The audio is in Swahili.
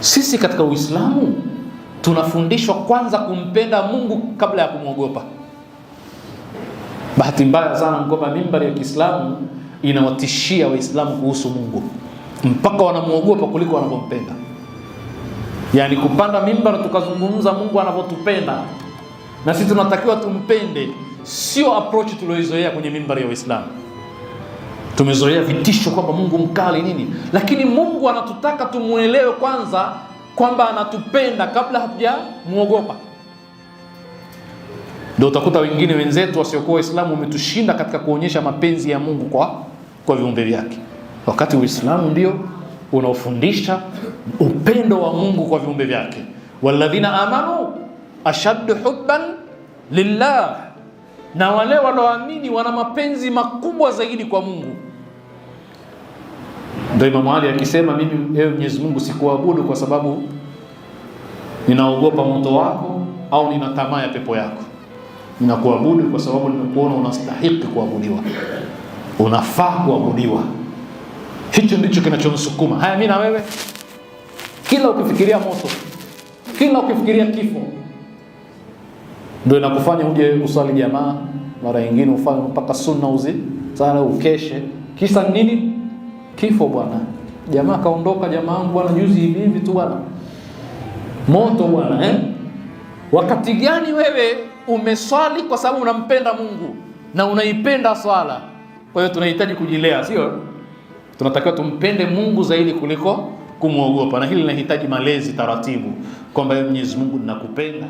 Sisi katika Uislamu tunafundishwa kwanza kumpenda Mungu kabla ya kumwogopa. Bahati mbaya sana mgomba mimbari ya Kiislamu inawatishia Waislamu kuhusu Mungu mpaka wanamwogopa kuliko wanavyompenda. Yaani kupanda mimbari tukazungumza Mungu anavyotupenda, na sisi tunatakiwa tumpende, sio approach tulioizoea kwenye mimbari ya Uislamu. Tumezoea vitisho kwamba Mungu mkali nini, lakini Mungu anatutaka tumwelewe kwanza kwamba anatupenda kabla hatujamwogopa. ndo utakuta wengine wenzetu wasiokuwa Waislamu wametushinda katika kuonyesha mapenzi ya Mungu kwa, kwa viumbe vyake, wakati Uislamu ndio unaofundisha upendo wa Mungu kwa viumbe vyake, walladhina amanu ashaddu huban lillah, na wale walioamini wana mapenzi makubwa zaidi kwa Mungu. Ndio Imamu Ali akisema, mimi ewe Mwenyezi Mungu sikuabudu kwa sababu ninaogopa moto wako au nina tamaa ya pepo yako. Ninakuabudu kwa sababu nimekuona unastahiki kuabudiwa, unafaa kuabudiwa. Hicho ndicho kinachonisukuma. Haya, mimi na wewe, kila ukifikiria moto, kila ukifikiria kifo, ndio inakufanya uje uswali jamaa, mara nyingine ufanye mpaka sunna uzi sana, ukeshe. Kisa nini? Kifo bwana, jamaa kaondoka, jamaa wangu bwana, juzi hivi hivi tu bwana, moto bwana eh? Wakati gani wewe umeswali kwa sababu unampenda Mungu na unaipenda swala? Kwa hiyo tunahitaji kujilea, sio? Tunatakiwa tumpende Mungu zaidi kuliko kumwogopa, na hili linahitaji malezi taratibu, kwamba Mwenyezi Mungu, ninakupenda